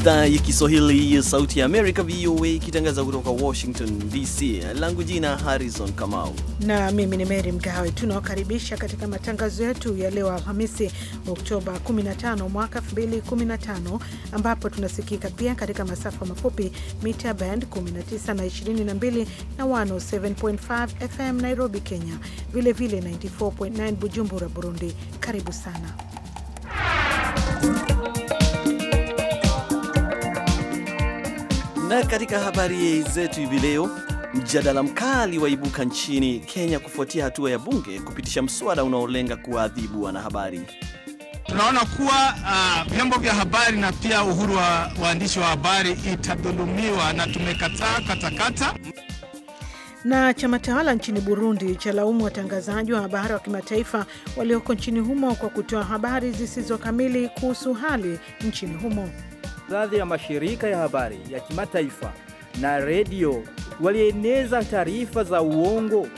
idhaa ya Kiswahili ya Sauti ya Amerika, VOA, ikitangaza kutoka Washington DC. Langu jina Harrison Kamau na mimi ni Mary Mgawe. Tunawakaribisha katika matangazo yetu ya leo Alhamisi, Oktoba 15 mwaka 2015, ambapo tunasikika pia katika masafa mafupi mita band 19 na 22 na 107.5 FM Nairobi, Kenya, vilevile 94.9 Bujumbura, Burundi. Karibu sana Na katika habari zetu hivi leo, mjadala mkali waibuka nchini Kenya kufuatia hatua ya bunge kupitisha mswada unaolenga kuwaadhibu wanahabari. Tunaona kuwa uh, vyombo vya habari na pia uhuru wa waandishi wa habari itadhulumiwa na tumekataa katakata. Na chama tawala nchini Burundi cha laumu watangazaji wa habari wa kimataifa walioko nchini humo kwa kutoa habari zisizo kamili kuhusu hali nchini humo baadhi ya mashirika ya habari ya kimataifa na redio walieneza taarifa za uongo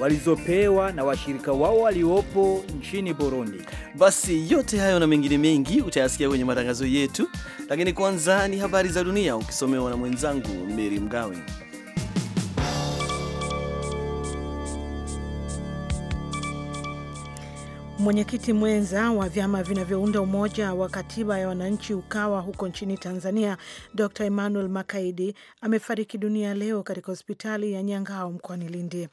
walizopewa na washirika wao waliopo nchini Burundi. Basi yote hayo na mengine mengi utayasikia kwenye matangazo yetu, lakini kwanza ni habari za dunia ukisomewa na mwenzangu Meri Mgawe. Mwenyekiti mwenza wa vyama vinavyounda umoja wa katiba ya wananchi Ukawa huko nchini Tanzania, Dr Emmanuel Makaidi amefariki dunia leo katika hospitali ya Nyangao mkoani Lindi.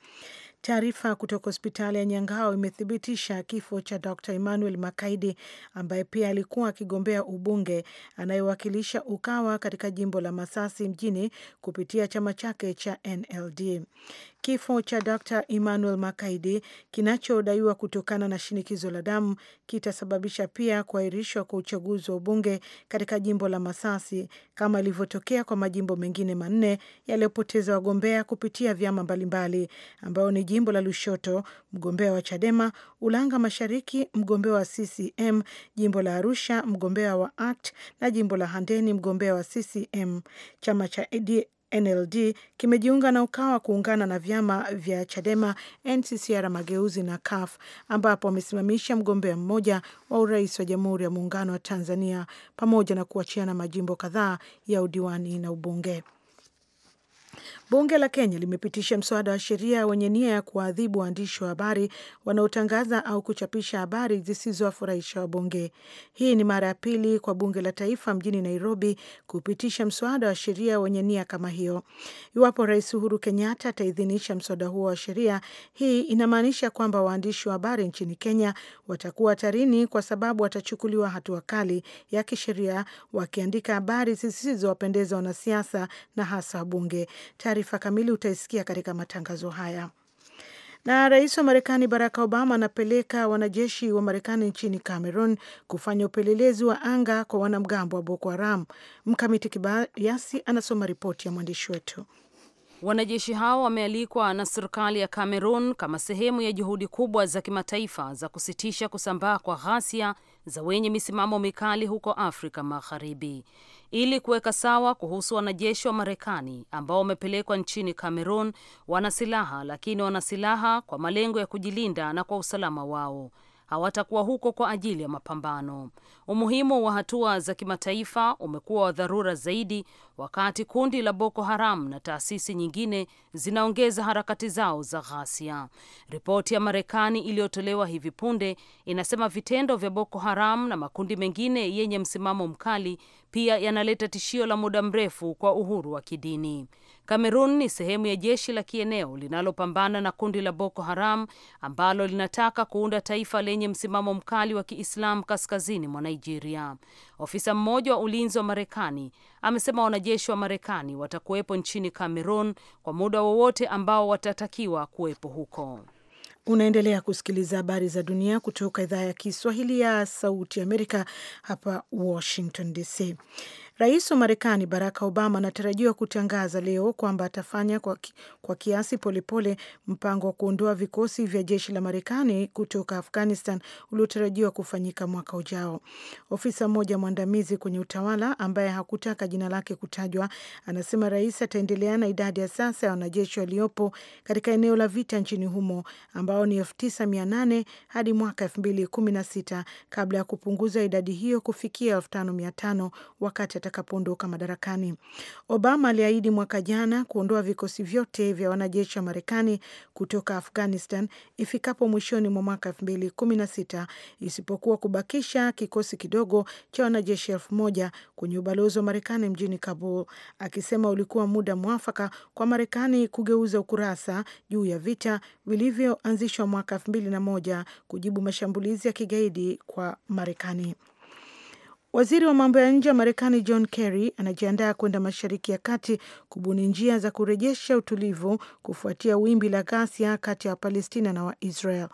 Taarifa kutoka hospitali ya Nyangao imethibitisha kifo cha Dr Emmanuel Makaidi ambaye pia alikuwa akigombea ubunge anayewakilisha Ukawa katika jimbo la Masasi mjini kupitia chama chake cha NLD. Kifo cha Dr Emmanuel Makaidi kinachodaiwa kutokana na shinikizo la damu kitasababisha pia kuahirishwa kwa uchaguzi wa ubunge katika jimbo la Masasi kama ilivyotokea kwa majimbo mengine manne yaliyopoteza wagombea kupitia vyama mbalimbali, ambayo ni jimbo la Lushoto mgombea wa Chadema, Ulanga Mashariki mgombea wa CCM, jimbo la Arusha mgombea wa ACT na jimbo la Handeni mgombea wa CCM. Chama cha NLD kimejiunga na Ukawa kuungana na vyama vya Chadema, NCCR Mageuzi na CUF ambapo wamesimamisha mgombea mmoja wa urais wa Jamhuri ya Muungano wa Tanzania pamoja na kuachiana majimbo kadhaa ya udiwani na ubunge. Bunge la Kenya limepitisha mswada wa sheria wenye nia ya kuwaadhibu waandishi wa habari wanaotangaza au kuchapisha habari zisizowafurahisha wabunge. Hii ni mara ya pili kwa bunge la taifa mjini Nairobi kupitisha mswada wa sheria wenye nia kama hiyo. Iwapo Rais Uhuru Kenyatta ataidhinisha mswada huo wa sheria, hii inamaanisha kwamba waandishi wa habari nchini Kenya watakuwa hatarini kwa sababu watachukuliwa hatua kali ya kisheria wakiandika habari zisizowapendeza wanasiasa na hasa wabunge. Taarifa kamili utaisikia katika matangazo haya. Na rais wa Marekani Barack Obama anapeleka wanajeshi wa Marekani nchini Cameroon kufanya upelelezi wa anga kwa wanamgambo wa Boko Haram. Mkamiti Kibayasi anasoma ripoti ya mwandishi wetu. Wanajeshi hao wamealikwa na serikali ya Cameroon kama sehemu ya juhudi kubwa za kimataifa za kusitisha kusambaa kwa ghasia za wenye misimamo mikali huko Afrika Magharibi ili kuweka sawa kuhusu wanajeshi wa Marekani ambao wamepelekwa nchini Cameroon. Wana silaha lakini wana silaha kwa malengo ya kujilinda na kwa usalama wao hawatakuwa huko kwa ajili ya mapambano. Umuhimu wa hatua za kimataifa umekuwa wa dharura zaidi wakati kundi la Boko Haram na taasisi nyingine zinaongeza harakati zao za ghasia. Ripoti ya Marekani iliyotolewa hivi punde inasema vitendo vya Boko Haram na makundi mengine yenye msimamo mkali pia yanaleta tishio la muda mrefu kwa uhuru wa kidini. Kamerun ni sehemu ya jeshi la kieneo linalopambana na kundi la Boko Haram ambalo linataka kuunda taifa lenye msimamo mkali wa Kiislamu kaskazini mwa Nigeria. Ofisa mmoja wa ulinzi wa Marekani amesema wanajeshi wa Marekani watakuwepo nchini Kamerun kwa muda wowote ambao watatakiwa kuwepo huko. Unaendelea kusikiliza habari za dunia kutoka idhaa ya Kiswahili ya Sauti Amerika hapa Washington DC. Rais wa Marekani Barack Obama anatarajiwa kutangaza leo kwamba atafanya kwa, kwa kiasi polepole mpango wa kuondoa vikosi vya jeshi la Marekani kutoka Afghanistan uliotarajiwa kufanyika mwaka ujao. Ofisa mmoja mwandamizi kwenye utawala ambaye hakutaka jina lake kutajwa anasema rais ataendelea na idadi ya sasa ya wanajeshi waliopo katika eneo la vita nchini humo ambao ni 9800 hadi mwaka 2016 kabla ya kupunguza idadi hiyo kufikia 5500 wakati atakapoondoka madarakani. Obama aliahidi mwaka jana kuondoa vikosi vyote vya wanajeshi wa Marekani kutoka Afghanistan ifikapo mwishoni mwa mwaka elfu mbili kumi na sita isipokuwa kubakisha kikosi kidogo cha wanajeshi elfu moja kwenye ubalozi wa Marekani mjini Kabul, akisema ulikuwa muda mwafaka kwa Marekani kugeuza ukurasa juu ya vita vilivyoanzishwa mwaka elfu mbili na moja kujibu mashambulizi ya kigaidi kwa Marekani. Waziri wa mambo ya nje wa Marekani John Kerry anajiandaa kwenda Mashariki ya Kati kubuni njia za kurejesha utulivu kufuatia wimbi la ghasia kati ya Wapalestina na Waisrael.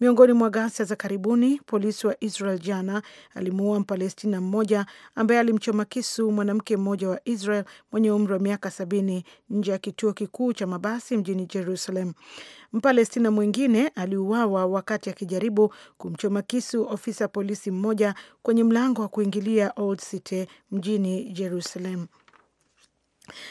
Miongoni mwa ghasia za karibuni, polisi wa Israel jana alimuua Mpalestina mmoja ambaye alimchoma kisu mwanamke mmoja wa Israel mwenye umri wa miaka sabini nje ya kituo kikuu cha mabasi mjini Jerusalem. Mpalestina mwingine aliuawa wakati akijaribu kumchoma kisu ofisa polisi mmoja kwenye mlango wa kuingilia Old City mjini Jerusalem.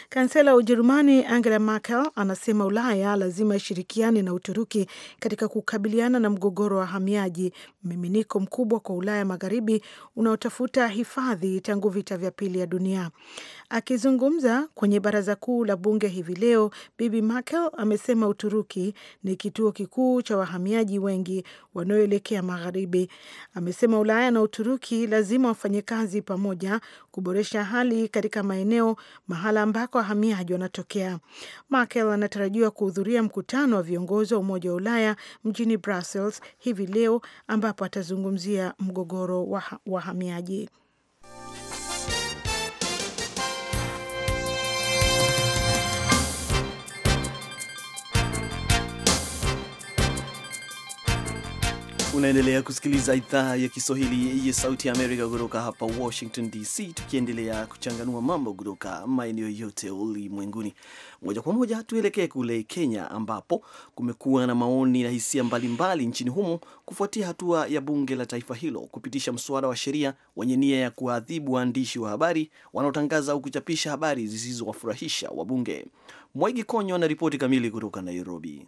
Kansela wa Ujerumani Angela Merkel anasema Ulaya lazima ishirikiane na Uturuki katika kukabiliana na mgogoro wa wahamiaji, mmiminiko mkubwa kwa Ulaya Magharibi unaotafuta hifadhi tangu vita vya pili ya dunia. Akizungumza kwenye baraza kuu la bunge hivi leo, Bibi Merkel amesema Uturuki ni kituo kikuu cha wahamiaji wengi wanaoelekea magharibi. Amesema Ulaya na Uturuki lazima wafanye kazi pamoja kuboresha hali katika maeneo mahala ambako wahamiaji wanatokea. Merkel anatarajiwa kuhudhuria mkutano wa viongozi wa Umoja wa Ulaya mjini Brussels hivi leo ambapo atazungumzia mgogoro wa wahamiaji. Unaendelea kusikiliza idhaa ya Kiswahili ya Sauti ya Amerika kutoka hapa Washington DC, tukiendelea kuchanganua mambo kutoka maeneo yote ulimwenguni. Moja kwa moja tuelekee kule Kenya, ambapo kumekuwa na maoni na hisia mbalimbali nchini humo kufuatia hatua ya bunge la taifa hilo kupitisha mswada wa sheria wenye nia ya kuwaadhibu waandishi wa habari wanaotangaza au kuchapisha habari zisizowafurahisha wabunge. Mwaigi Konyo na ripoti kamili kutoka Nairobi.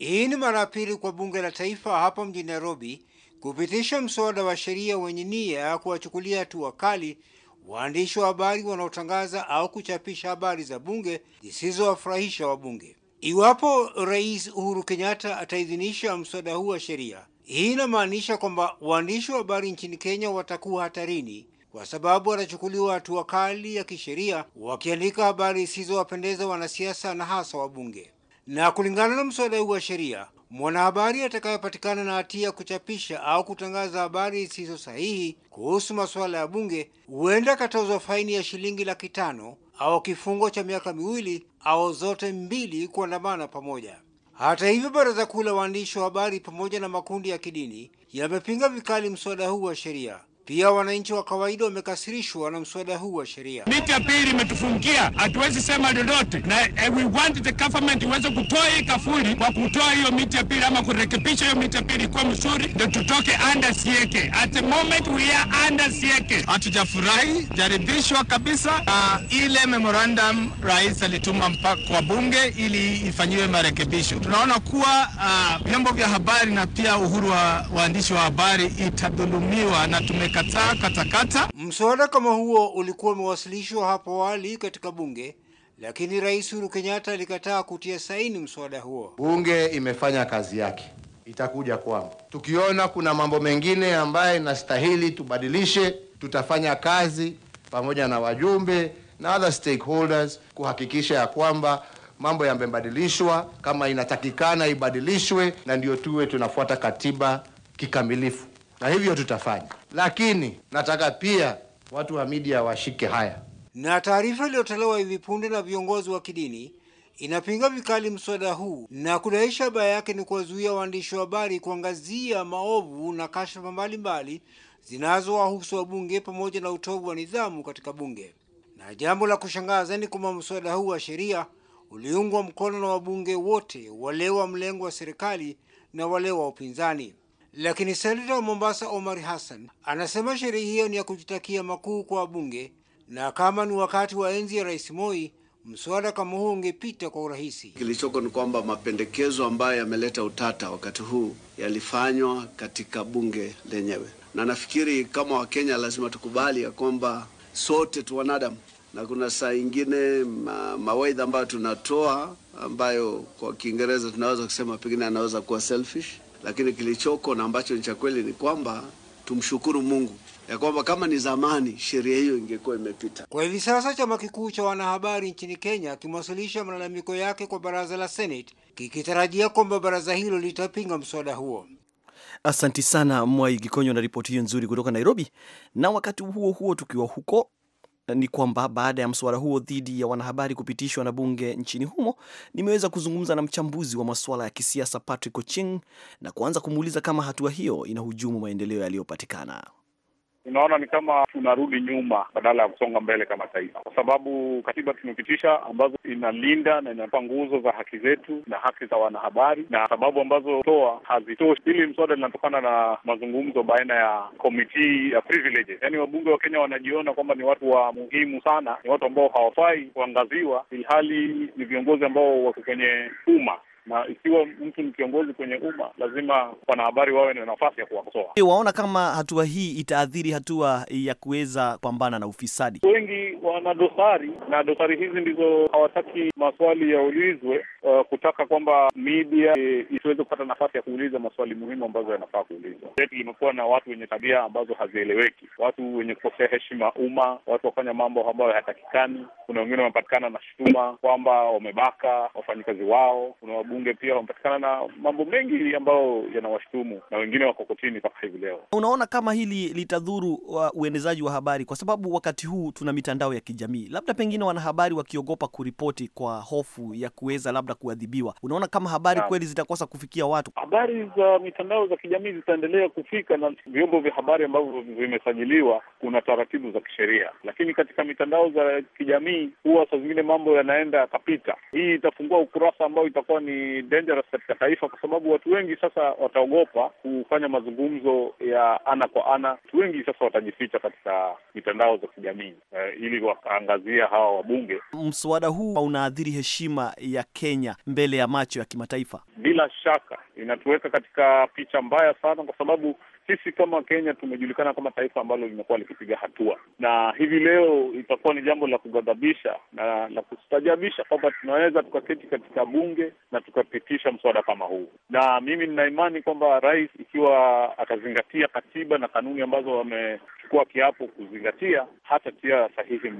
Hii ni mara ya pili kwa bunge la taifa hapa mjini Nairobi kupitisha mswada wa sheria wenye nia ya kuwachukulia hatua kali waandishi wa habari wanaotangaza au kuchapisha habari za bunge zisizowafurahisha wabunge. Iwapo Rais Uhuru Kenyatta ataidhinisha mswada huu wa sheria, hii inamaanisha kwamba waandishi wa habari nchini Kenya watakuwa hatarini kwa sababu watachukuliwa hatua kali ya kisheria wakiandika habari zisizowapendeza wanasiasa na hasa wabunge. Na kulingana na mswada huu wa sheria, mwanahabari atakayepatikana na hatia kuchapisha au kutangaza habari zisizo sahihi kuhusu masuala ya bunge huenda akatozwa faini ya shilingi laki tano au kifungo cha miaka miwili au zote mbili kuandamana pamoja. Hata hivyo, baraza kuu la waandishi wa habari pamoja na makundi ya kidini yamepinga vikali mswada huu wa sheria. Pia wananchi wa kawaida wamekasirishwa na mswada huu wa sheria. Miti ya pili imetufungia, hatuwezi sema lolote, na eh, we want the government iweze kutoa hii kafuri kwa kutoa hiyo miti ya pili ama kurekebisha hiyo miti ya pili kuwa mzuri, ndo tutoke anda sieke. At the moment we are anda sieke, hatujafurahi jaribishwa kabisa. Uh, ile memorandum rais alituma mpaka kwa bunge ili ifanyiwe marekebisho. Tunaona kuwa uh, vyombo vya habari na pia uhuru wa waandishi wa habari itadhulumiwa na tumeka kukataa katakata. Mswada kama huo ulikuwa umewasilishwa hapo awali katika bunge, lakini Rais Uhuru Kenyatta alikataa kutia saini mswada huo. Bunge imefanya kazi yake, itakuja kwangu. Tukiona kuna mambo mengine ambayo inastahili tubadilishe, tutafanya kazi pamoja na wajumbe na other stakeholders kuhakikisha ya kwamba mambo yamebadilishwa kama inatakikana ibadilishwe, na ndio tuwe tunafuata katiba kikamilifu, na hivyo tutafanya lakini nataka pia watu wa media washike haya. Na taarifa iliyotolewa hivi punde na viongozi wa kidini inapinga vikali mswada huu na kudaisha baya yake ni kuwazuia waandishi wa habari kuangazia maovu na kashfa mbalimbali zinazowahusu wabunge pamoja na utovu wa nidhamu katika bunge. Na jambo la kushangaza ni kwamba mswada huu wa sheria uliungwa mkono na wabunge wote, wale wa mlengo wa serikali na wale wa upinzani. Lakini seneta wa Mombasa Omar Hassan anasema sherehe hiyo ni ya kujitakia makuu kwa bunge na kama ni wakati wa enzi ya Rais Moi mswada kama huu ungepita kwa urahisi. Kilichoko ni kwamba mapendekezo ambayo yameleta utata wakati huu yalifanywa katika bunge lenyewe, na nafikiri kama Wakenya lazima tukubali ya kwamba sote tu wanadamu na kuna saa ingine ma, mawaidha ambayo tunatoa ambayo kwa Kiingereza tunaweza kusema pengine anaweza kuwa selfish lakini kilichoko na ambacho ni cha kweli ni kwamba tumshukuru Mungu ya kwamba kama ni zamani sheria hiyo ingekuwa imepita. Kwa hivi sasa chama kikuu cha wanahabari nchini Kenya kimewasilisha malalamiko yake kwa baraza la Senate kikitarajia kwamba baraza hilo litapinga mswada huo. Asanti sana Mwai Gikonyo na ripoti hiyo nzuri kutoka Nairobi. Na wakati huo huo tukiwa huko ni kwamba baada ya mswada huo dhidi ya wanahabari kupitishwa na bunge nchini humo, nimeweza kuzungumza na mchambuzi wa masuala ya kisiasa Patrick Oching na kuanza kumuuliza kama hatua hiyo inahujumu maendeleo yaliyopatikana. Unaona, ni kama tunarudi nyuma badala ya kusonga mbele kama taifa, kwa sababu katiba tumepitisha ambazo inalinda na inapa nguzo za haki zetu na haki za wanahabari, na sababu ambazo toa hazitoshi. Hili mswada linatokana na mazungumzo baina ya committee ya privileges, yaani wabunge wa Kenya wanajiona kwamba ni watu wa muhimu sana, ni watu ambao hawafai kuangaziwa, ilhali ni viongozi ambao wako kwenye umma na ikiwa mtu ni kiongozi kwenye umma, lazima wanahabari wawe na nafasi ya kuwakosoa. Waona kama hatua hii itaathiri hatua ya kuweza kupambana na ufisadi? Wengi wana dosari na dosari hizi ndizo hawataki maswali yaulizwe, uh, kutaka kwamba media e, isiweze kupata nafasi ya kuuliza maswali muhimu ambazo yanafaa kuulizwa. Yetu limekuwa na watu wenye tabia ambazo hazieleweki, watu wenye kukosea heshima umma, watu wafanya mambo ambayo hayatakikani. Kuna wengine wamepatikana na shutuma kwamba wamebaka wafanyikazi wao. Kuna wabunge pia wamepatikana na mambo mengi ambayo yanawashtumu na wengine wako kotini mpaka hivi leo. Unaona kama hili litadhuru uenezaji wa habari, kwa sababu wakati huu tuna mitandao ya kijamii, labda pengine wanahabari wakiogopa kuripoti kwa hofu ya kuweza labda kuadhibiwa. Unaona kama habari kweli zitakosa kufikia watu? Habari za mitandao za kijamii zitaendelea kufika, na vyombo vya habari ambavyo vimesajiliwa, kuna taratibu za kisheria, lakini katika mitandao za kijamii huwa saa zingine mambo yanaenda yakapita. Hii itafungua ukurasa ambao itakuwa ni dangerous katika taifa, kwa sababu watu wengi sasa wataogopa kufanya mazungumzo ya ana kwa ana. Watu wengi sasa watajificha katika mitandao za kijamii eh, ili wakaangazia hawa wabunge. Mswada huu unaathiri heshima ya Kenya mbele ya macho ya kimataifa. Bila shaka inatuweka katika picha mbaya sana, kwa sababu sisi kama Kenya tumejulikana kama taifa ambalo limekuwa likipiga hatua, na hivi leo itakuwa ni jambo la kughadhabisha na la kustajabisha kwamba tunaweza tukaketi katika bunge na tukapitisha mswada kama huu, na mimi nina imani kwamba rais, ikiwa atazingatia katiba na kanuni ambazo wamechukua kiapo kuzingatia, hatatia sahihi eh,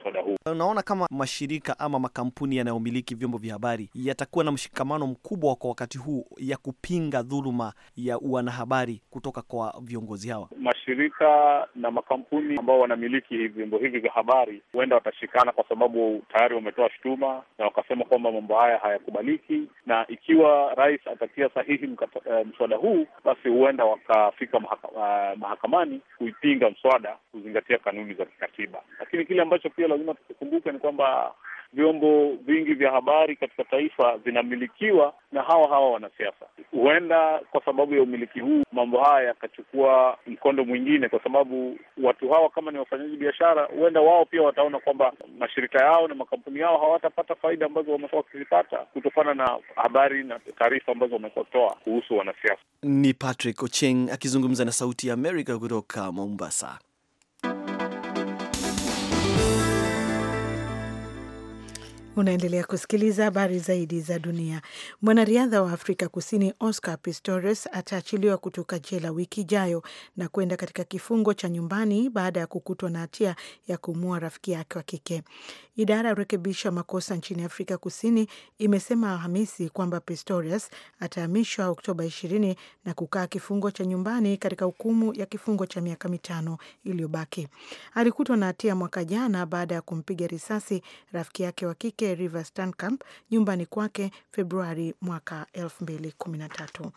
mswada huu. Unaona kama mashirika ama makampuni yanayomiliki vyombo vya habari yatakuwa na mshikamano mkubwa kwa wakati huu ya kupinga dhuluma ya wanahabari kutoka kwa viongozi hawa? Mashirika na makampuni ambao wanamiliki vyombo hivi vya habari huenda watashikana, kwa sababu tayari wametoa shutuma na wakasema kwamba mambo haya hayakubaliki, na ikiwa rais atatia sahihi uh, mswada huu, basi huenda wakafika mahaka, uh, mahakamani kuipinga mswada kuzingatia kanuni za kikatiba. Lakini kile ambacho pia lazima tukikumbuke ni kwamba vyombo vingi vya habari katika taifa vinamilikiwa na hawa hawa wanasiasa. Huenda kwa sababu ya umiliki huu mambo haya yakachukua mkondo mwingine, kwa sababu watu hawa kama ni wafanyaji biashara, huenda wao pia wataona kwamba mashirika yao na makampuni yao hawatapata faida ambazo wamekuwa wakizipata kutokana na habari na taarifa ambazo wamekotoa kuhusu wanasiasa. Ni Patrick Ocheng akizungumza na Sauti ya Amerika kutoka Mombasa. Unaendelea kusikiliza habari zaidi za dunia. Mwanariadha wa Afrika Kusini Oscar Pistorius ataachiliwa kutoka jela wiki ijayo na kwenda katika kifungo cha nyumbani baada ya kukutwa na hatia ya kumua rafiki yake wa kike. Idara ya urekebisha makosa nchini Afrika Kusini imesema Alhamisi kwamba Pistorius atahamishwa Oktoba 20 na kukaa kifungo cha nyumbani katika hukumu ya kifungo cha miaka mitano iliyobaki. Alikutwa na hatia mwaka jana baada ya kumpiga risasi rafiki yake wa kike Rivers Stankamp nyumbani kwake Februari mwaka 2013.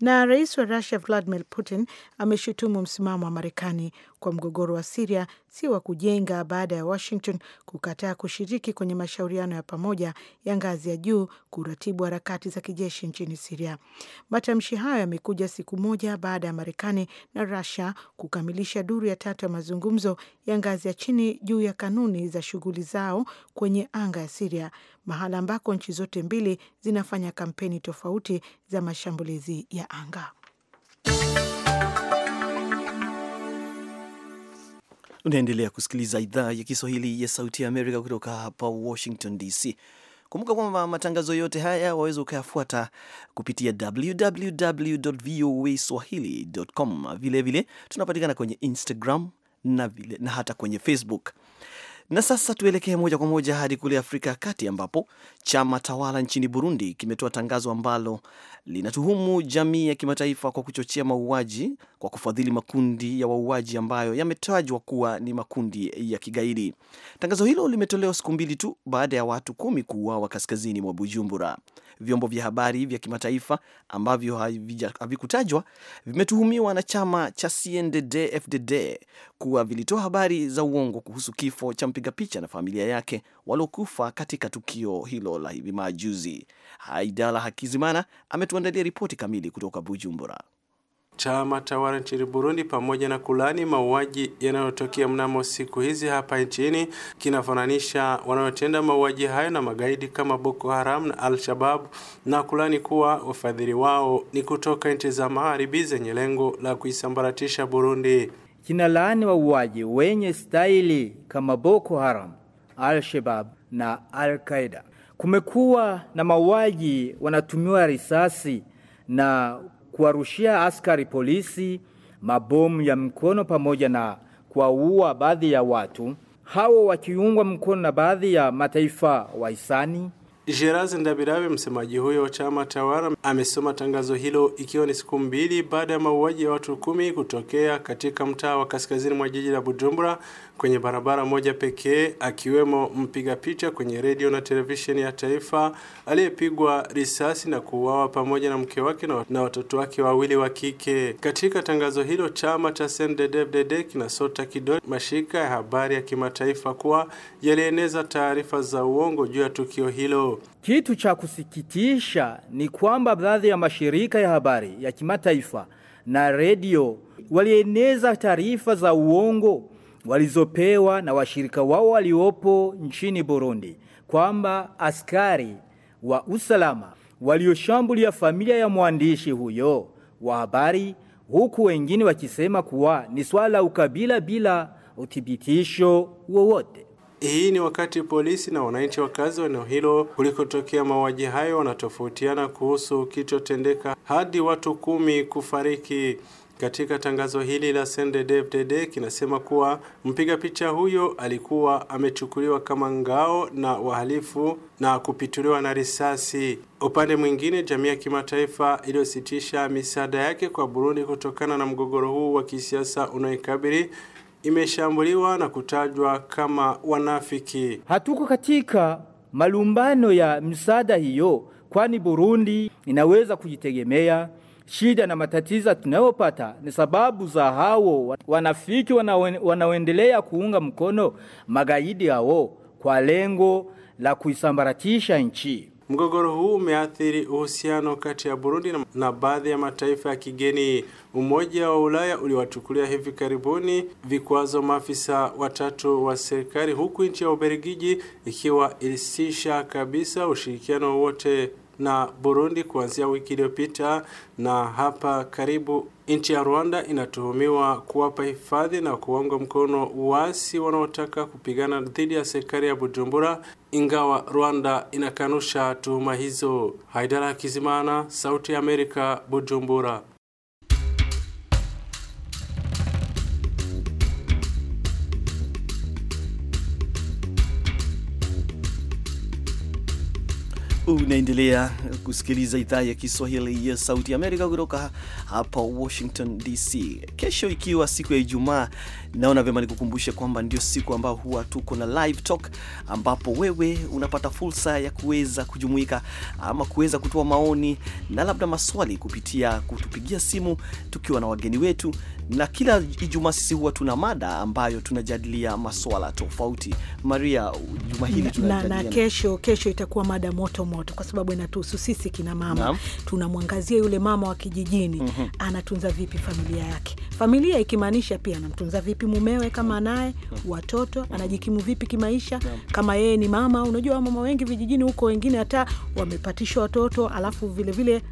Na rais wa Rusia Vladimir Putin ameshutumu msimamo wa Marekani kwa mgogoro wa Siria si wa kujenga baada ya Washington kukataa kushiriki kwenye mashauriano ya pamoja ya ngazi ya juu kuratibu harakati za kijeshi nchini Siria. Matamshi hayo yamekuja siku moja baada ya Marekani na Rusia kukamilisha duru ya tatu ya mazungumzo ya ngazi ya chini juu ya kanuni za shughuli zao kwenye anga ya Siria mahala ambako nchi zote mbili zinafanya kampeni tofauti za mashambulizi ya anga. Unaendelea kusikiliza idhaa ya Kiswahili ya Sauti ya Amerika kutoka hapa Washington DC. Kumbuka kwamba matangazo yote haya waweza ukayafuata kupitia www voa swahili.com. Vilevile tunapatikana kwenye Instagram na, vile, na hata kwenye Facebook. Na sasa tuelekee moja kwa moja hadi kule Afrika ya Kati ambapo chama tawala nchini Burundi kimetoa tangazo ambalo linatuhumu jamii ya kimataifa kwa kuchochea mauaji kwa kufadhili makundi ya wauaji ambayo yametajwa kuwa ni makundi ya kigaidi. Tangazo hilo limetolewa siku mbili tu baada ya watu kumi kuuawa kaskazini mwa Bujumbura. Vyombo vya habari vya kimataifa ambavyo havikutajwa vimetuhumiwa na chama cha CNDD-FDD kuwa vilitoa habari za uongo kuhusu kifo cha mpiga picha na familia yake waliokufa katika tukio hilo la hivi majuzi. Haidala Hakizimana ametuandalia ripoti kamili kutoka Bujumbura. Chama tawala nchini Burundi pamoja na kulani mauaji yanayotokea mnamo siku hizi hapa nchini kinafananisha wanayotenda mauaji hayo na magaidi kama Boko Haram na Al-Shabab na kulani kuwa wafadhili wao ni kutoka nchi za magharibi zenye lengo la kuisambaratisha Burundi kinalaani wauaji wenye staili kama Boko Haram, Al-Shabab na Al-Qaeda. Kumekuwa na mauaji, wanatumiwa risasi na kuwarushia askari polisi mabomu ya mkono pamoja na kuwaua baadhi ya watu hao wakiungwa mkono na baadhi ya mataifa wahisani Gerard Ndabirawe, msemaji huyo wa chama tawala, amesoma tangazo hilo ikiwa ni siku mbili baada ya mauaji ya watu kumi kutokea katika mtaa wa kaskazini mwa jiji la Bujumbura kwenye barabara moja pekee, akiwemo mpiga picha kwenye redio na televisheni ya taifa aliyepigwa risasi na kuuawa pamoja na mke wake na watoto wake wawili wa kike. Katika tangazo hilo, chama cha CNDD-FDD kinasota kidole mashirika ya habari ya kimataifa kuwa yalieneza taarifa za uongo juu ya tukio hilo. Kitu cha kusikitisha ni kwamba baadhi ya mashirika ya habari ya kimataifa na redio walieneza taarifa za uongo walizopewa na washirika wao waliopo nchini Burundi kwamba askari wa usalama walioshambulia familia ya mwandishi huyo wa habari, huku wengine wakisema kuwa ni swala la ukabila bila uthibitisho wowote. Hii ni wakati polisi na wananchi wakazi wa eneo hilo kulikotokea mauaji hayo wanatofautiana kuhusu kilichotendeka hadi watu kumi kufariki. Katika tangazo hili la CNDD-FDD kinasema kuwa mpiga picha huyo alikuwa amechukuliwa kama ngao na wahalifu na kupituliwa na risasi. Upande mwingine, jamii ya kimataifa iliyositisha misaada yake kwa Burundi kutokana na mgogoro huu wa kisiasa unaoikabili imeshambuliwa na kutajwa kama wanafiki. Hatuko katika malumbano ya msaada hiyo, kwani Burundi inaweza kujitegemea. Shida na matatizo tunayopata ni sababu za hao wanafiki wanaoendelea kuunga mkono magaidi hao kwa lengo la kuisambaratisha nchi. Mgogoro huu umeathiri uhusiano kati ya Burundi na baadhi ya mataifa ya kigeni. Umoja wa Ulaya uliwachukulia hivi karibuni vikwazo maafisa watatu wa serikali, huku nchi ya Ubelgiji ikiwa ilisisha kabisa ushirikiano wote na Burundi kuanzia wiki iliyopita, na hapa karibu nchi ya Rwanda inatuhumiwa kuwapa hifadhi na kuwaunga mkono waasi wanaotaka kupigana dhidi ya serikali ya Bujumbura, ingawa Rwanda inakanusha tuhuma hizo. Haidara Kizimana, Sauti ya Amerika, Bujumbura. Unaendelea kusikiliza idhaa ya Kiswahili ya Sauti ya Amerika kutoka hapa Washington DC. Kesho ikiwa siku ya Ijumaa Naona vyema nikukumbushe kwamba ndio siku ambayo huwa tuko na live talk, ambapo wewe unapata fursa ya kuweza kujumuika ama kuweza kutoa maoni na labda maswali kupitia kutupigia simu tukiwa na wageni wetu, na kila Ijumaa sisi huwa tuna mada ambayo tunajadilia maswala tofauti. Maria, juma hili tunajadilia na, na kesho, kesho itakuwa mada moto moto kwa sababu inatuhusu sisi kina mama. Tunamwangazia yule mama wa kijijini, mm -hmm. anatunza vipi familia yake familia ikimaanisha pia anamtunza vipi mumewe, kama anaye watoto, anajikimu vipi kimaisha, kama yeye ni mama. Unajua mama wengi vijijini huko, wengine hata wamepatishwa watoto, alafu vilevile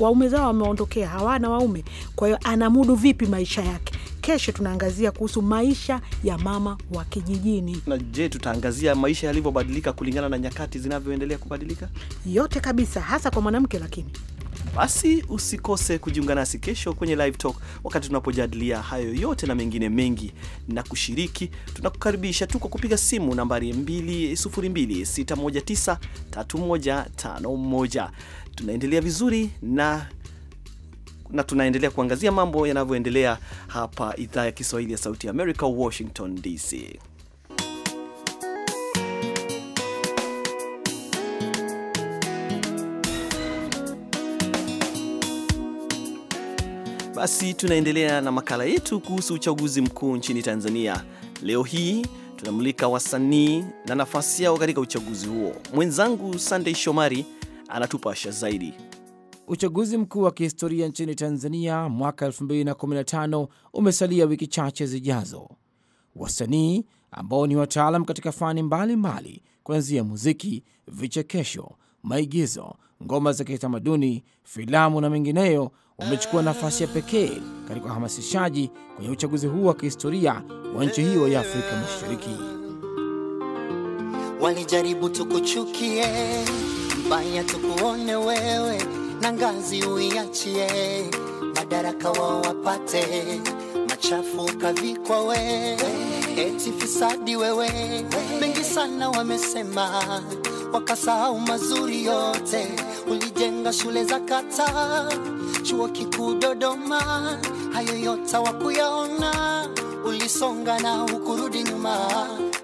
waume zao wameondokea, hawana waume. Kwa hiyo anamudu vipi maisha yake? Kesho tunaangazia kuhusu maisha ya mama wa kijijini. Na je, tutaangazia maisha yalivyobadilika kulingana na nyakati zinavyoendelea kubadilika, yote kabisa, hasa kwa mwanamke lakini basi usikose kujiunga nasi kesho kwenye live talk, wakati tunapojadilia hayo yote na mengine mengi. Na kushiriki, tunakukaribisha tu kwa kupiga simu nambari 2026193151. Tunaendelea vizuri na na tunaendelea kuangazia mambo yanavyoendelea hapa idhaa ya Kiswahili ya Sauti ya America, Washington DC. Basi tunaendelea na makala yetu kuhusu uchaguzi mkuu nchini Tanzania. Leo hii tunamulika wasanii na nafasi yao katika uchaguzi huo. Mwenzangu Sandey Shomari anatupasha zaidi. Uchaguzi mkuu wa kihistoria nchini Tanzania mwaka 2015 umesalia wiki chache zijazo. Wasanii ambao ni wataalam katika fani mbalimbali kuanzia muziki, vichekesho, maigizo, ngoma za kitamaduni, filamu na mengineyo wamechukua nafasi ya pekee katika uhamasishaji kwenye uchaguzi huu wa kihistoria wa nchi hiyo ya Afrika Mashariki. Walijaribu tukuchukie, mbaya tukuone wewe, na ngazi uiachie, madaraka wao wapate, machafu kavikwa we, eti fisadi wewe, mengi sana wamesema, wakasahau mazuri yote, ulijenga shule za kata chuo kikuu Dodoma, hayo yote wakuyaona, ulisonga na ukurudi nyuma.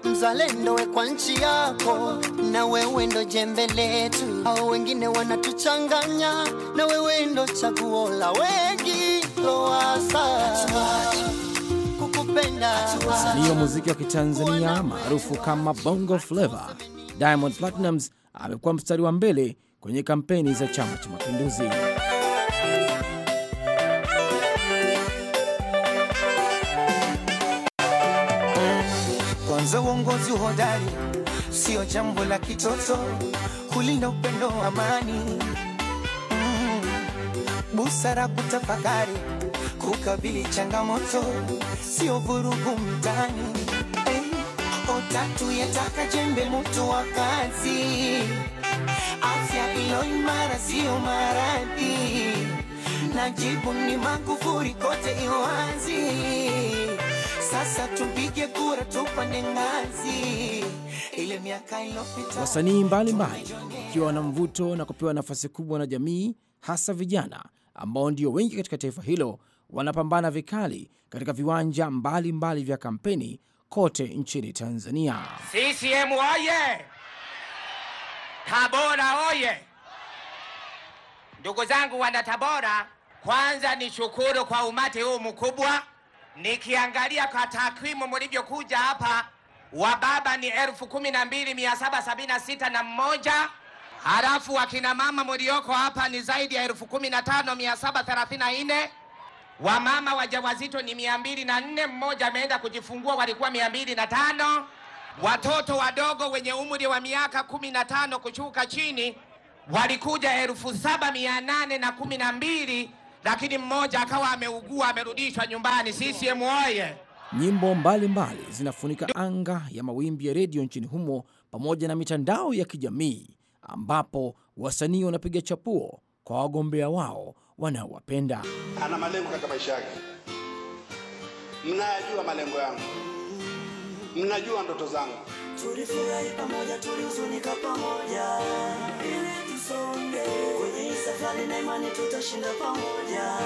Mzalendo we kwa nchi yako, na wewe ndo jembe letu. Hao wengine wanatuchanganya, na wewe ndo chaguo la wengi. Lowassa msanii wa muziki wa Kitanzania maarufu kama Bongo Flava, Diamond Platnumz amekuwa mstari wa mbele kwenye kampeni za Chama cha Mapinduzi. za uongozi hodari sio jambo la kitoto, kulinda upendo, amani, mm, busara, kutafakari, kukabili changamoto, sio vurugu mtani. Hey, Otatu yataka jembe, mtu wa kazi, afya ilo imara, sio maradhi, na jibu ni magufuri kote iwazi sasa tupige kura tupande ngazi ile miaka iliyopita. Wasanii mbalimbali wakiwa wana mvuto na kupewa nafasi kubwa na jamii, hasa vijana ambao ndio wengi katika taifa hilo, wanapambana vikali katika viwanja mbalimbali mbali vya kampeni kote nchini Tanzania. CCM oye! Tabora oye! Ndugu zangu wana Tabora, kwanza ni shukuru kwa umati huu mkubwa Nikiangalia kwa takwimu mlivyokuja hapa, wa baba ni elfu kumi na mbili mia saba sabini na sita na mmoja halafu wakina mama mlioko hapa ni zaidi ya elfu kumi na tano mia saba thelathini na nne wamama wajawazito ni mia mbili na nne mmoja ameenda kujifungua, walikuwa mia mbili na tano Watoto wadogo wenye umri wa miaka kumi na tano kushuka chini walikuja elfu saba mia nane na kumi na mbili lakini mmoja akawa ameugua amerudishwa nyumbani. CCM oye! Nyimbo mbalimbali mbali zinafunika anga ya mawimbi ya redio nchini humo pamoja na mitandao ya kijamii ambapo wasanii wanapiga chapuo kwa wagombea wao wanaowapenda. Ana malengo katika maisha yake, mnayajua malengo yangu, mnajua ndoto zangu. Tulifurahi pamoja, tulihuzunika pamoja, ili tusonge tafadhali na imani tutashinda pamoja.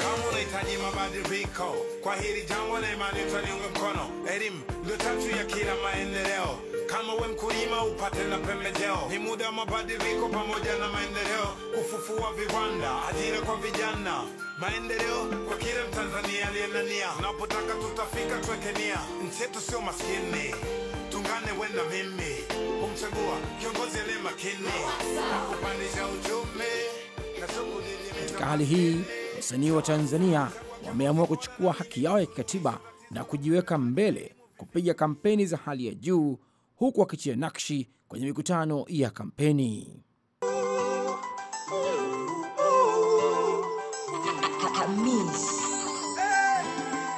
Kama unahitaji mabadiliko kwa hili jambo, na imani tutaliunga mkono. Elimu ndio tatu ya kila maendeleo. Kama we mkulima, upate na pembejeo. Ni muda wa mabadiliko pamoja na maendeleo, kufufua viwanda, ajira kwa vijana maendeleo kwa kila Mtanzania aliyenania. Unapotaka tutafika, tuwekenia nchi yetu sio maskini. Tungane we mimi kumchagua kiongozi makini na kupandisha uchumi Katika hali hii, wasanii wa Tanzania wameamua kuchukua haki yao ya kikatiba na kujiweka mbele kupiga kampeni za hali ya juu, huku wakichia nakshi kwenye mikutano ya kampeni.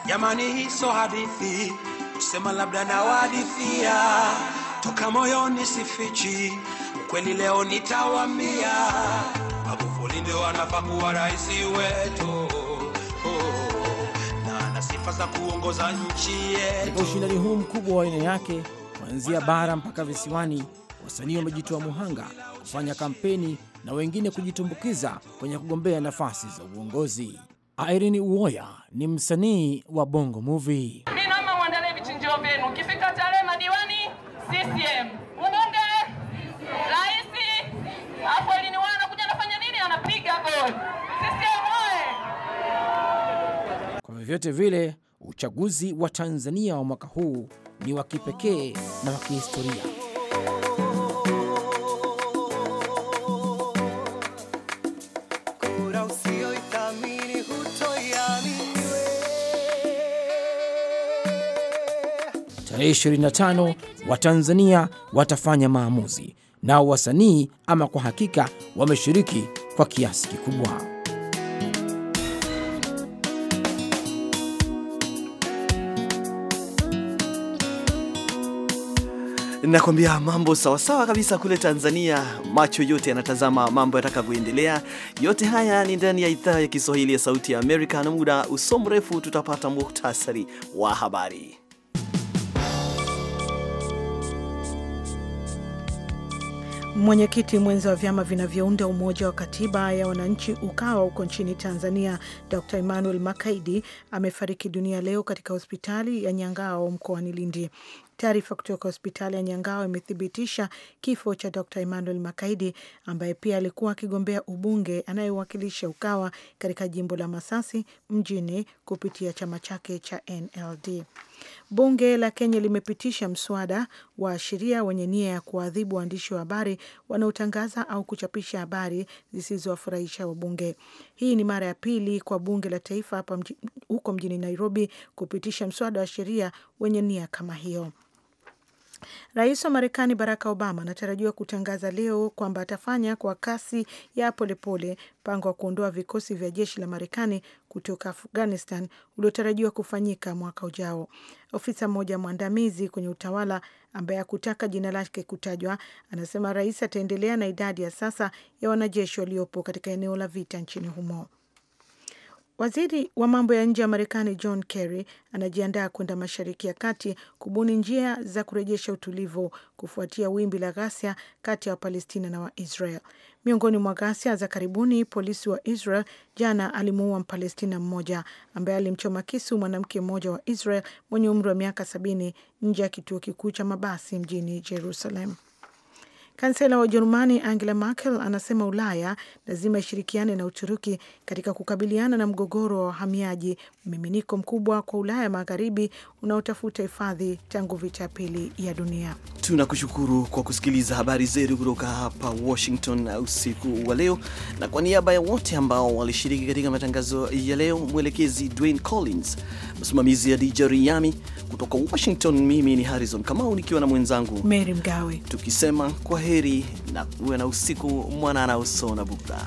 Jamani, hadithi kusema labda toka moyoni sifichi ukweli, leo nitawamia Magufuli ndio anafaa kuwa raisi wetu oh, na ana kuongoza nchi yetu. Katika ushindani huu mkubwa wa aina yake, kuanzia bara mpaka visiwani, wasanii wamejitoa muhanga kufanya kampeni na wengine kujitumbukiza kwenye kugombea nafasi za uongozi. Irene uoya ni msanii wa Bongo Movie. CCM. Mbunge rais hapo aliniwana anakuja anafanya nini? Anapiga goli. CCM oye! Kwa vyovyote vile uchaguzi wa Tanzania wa mwaka huu ni wa kipekee na wa kihistoria. tarehe 25 Watanzania watafanya maamuzi, nao wasanii ama kwa hakika wameshiriki kwa kiasi kikubwa. Nakwambia mambo sawasawa kabisa kule Tanzania, macho yote yanatazama mambo yatakavyoendelea. Yote haya ni ndani ya idhaa ya Kiswahili ya Sauti ya Amerika, na muda uso mrefu tutapata muhtasari wa habari. Mwenyekiti mwenza wa vyama vinavyounda umoja wa katiba ya wananchi Ukawa huko nchini Tanzania, Dr Emmanuel Makaidi amefariki dunia leo katika hospitali ya Nyangao mkoani Lindi. Taarifa kutoka hospitali ya Nyangao imethibitisha kifo cha Dr Emmanuel Makaidi ambaye pia alikuwa akigombea ubunge anayewakilisha Ukawa katika jimbo la Masasi mjini kupitia chama chake cha NLD. Bunge la Kenya limepitisha mswada wa sheria wenye nia ya kuwaadhibu waandishi wa habari wanaotangaza au kuchapisha habari zisizowafurahisha wabunge. Hii ni mara ya pili kwa bunge la taifa hapa huko mjini Nairobi kupitisha mswada wa sheria wenye nia kama hiyo. Rais wa Marekani Barack Obama anatarajiwa kutangaza leo kwamba atafanya kwa kasi ya polepole mpango wa kuondoa vikosi vya jeshi la Marekani kutoka Afghanistan uliotarajiwa kufanyika mwaka ujao. Ofisa mmoja mwandamizi kwenye utawala ambaye hakutaka jina lake kutajwa anasema rais ataendelea na idadi ya sasa ya wanajeshi waliopo katika eneo la vita nchini humo. Waziri wa mambo ya nje wa Marekani John Kerry anajiandaa kwenda Mashariki ya Kati kubuni njia za kurejesha utulivu kufuatia wimbi la ghasia kati ya Wapalestina na Waisrael. Miongoni mwa ghasia za karibuni, polisi wa Israel jana alimuua Mpalestina mmoja ambaye alimchoma kisu mwanamke mmoja wa Israel mwenye umri wa miaka sabini nje ya kituo kikuu cha mabasi mjini Jerusalem. Kansela wa Ujerumani Angela Merkel anasema Ulaya lazima ishirikiane na Uturuki katika kukabiliana na mgogoro wa wahamiaji, mmiminiko mkubwa kwa Ulaya magharibi unaotafuta hifadhi tangu vita ya pili ya dunia. Tunakushukuru kwa kusikiliza habari zetu kutoka hapa Washington usiku wa leo, na kwa niaba ya wote ambao walishiriki katika matangazo ya leo, mwelekezi Dwayne Collins, msimamizi ya DJ Riami kutoka Washington, mimi ni Harrison Kamau nikiwa na mwenzangu Mary Mgawe tukisema kwa heri na uwe na usiku mwanana usona bukta.